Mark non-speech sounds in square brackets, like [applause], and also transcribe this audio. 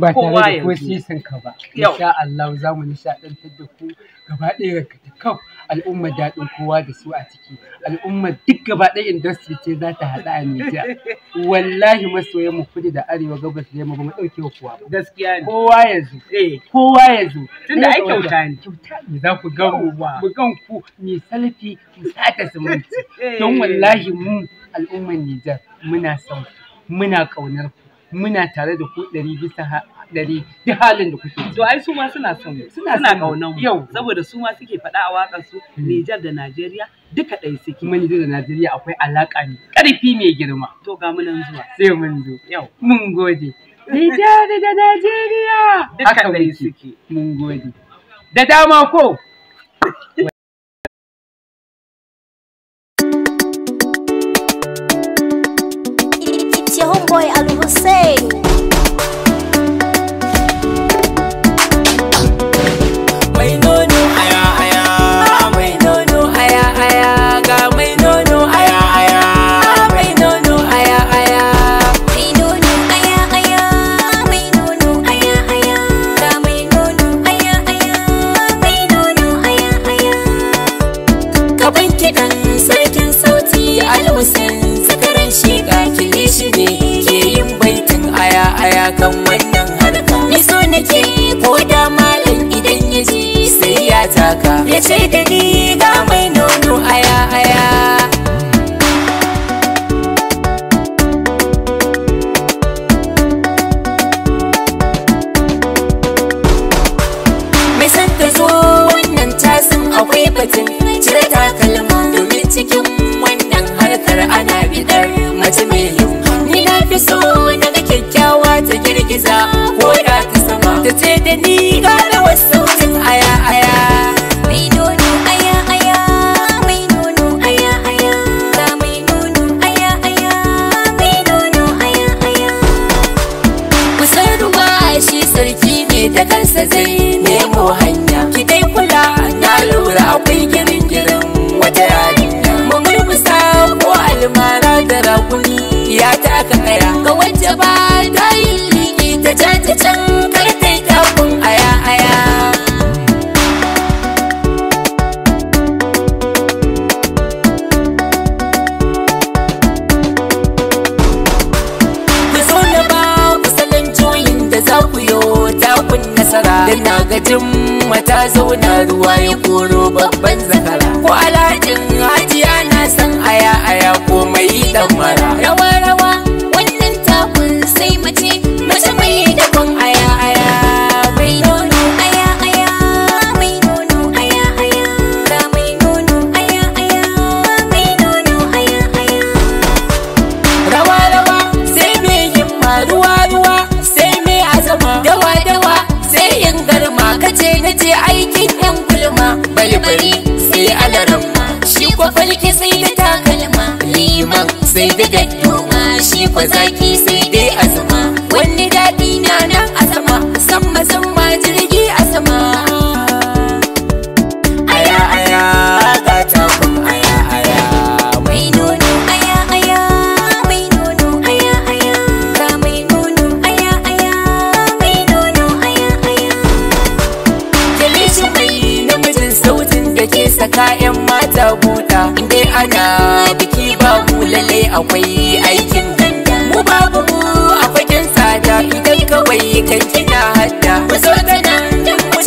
ba tare da ko sisin ka ba insha Allah za mu nishadantar da ku gaba ɗaya da kaf al'ummar daɗin kowa da su a ciki al'ummar duk gaba ɗaya industry ce za ta haɗa a Nijar [laughs] wallahi masoyan mu kudu da arewa gabas da yamma ba mu ɗauke kowa ba gaskiya ne kowa ya zo eh. kowa ya zo tunda ai kyauta ne kyauta ne za ku ga mu mu gan ku mi salfi mu sata siminti [laughs] eh. don wallahi mu al'ummar Nijar muna son muna ƙaunar ku muna tare da ku ɗari bisa ɗari duk halin da kuke to ai su ma suna son mu suna suna kaunan mu yau saboda su ma suke faɗa a waƙar su hmm. Nijar da Najeriya duka ɗaya suke mun da Najeriya akwai alaƙa ne ƙarfi mai girma to ga mu nan zuwa sai mun zo yau mun gode Nijar da Najeriya duka ɗaya suke mun gode da dama ko ce da ni ga mai nono aya aya mai san ta zo wannan tasin akwai batun ruwa shi sarki ne ta kansa zai nemo hanya ki dai kula na lura akwai girin girin wata yarinya mun rubuta ko almara da rakuni ya taka kaya ga wacce ba ta yi liki ta can ta zauna ruwa ya koro babban zakara falke sai da takalma liman sai da dadduma shi kwa zaki sai dai azuma wani daɗi na nan a sama sama sama jirgi a sama aya aya gata kun aya aya mai nono aya aya mai nono aya aya ga mai nono aya aya mai nono aya aya kele shi mai namijin sautin da ke saka 'yan mata buɗe kana biki babu lalle akwai aikin mu babu mu a fagen sada idan kawai kan kina hadda mu so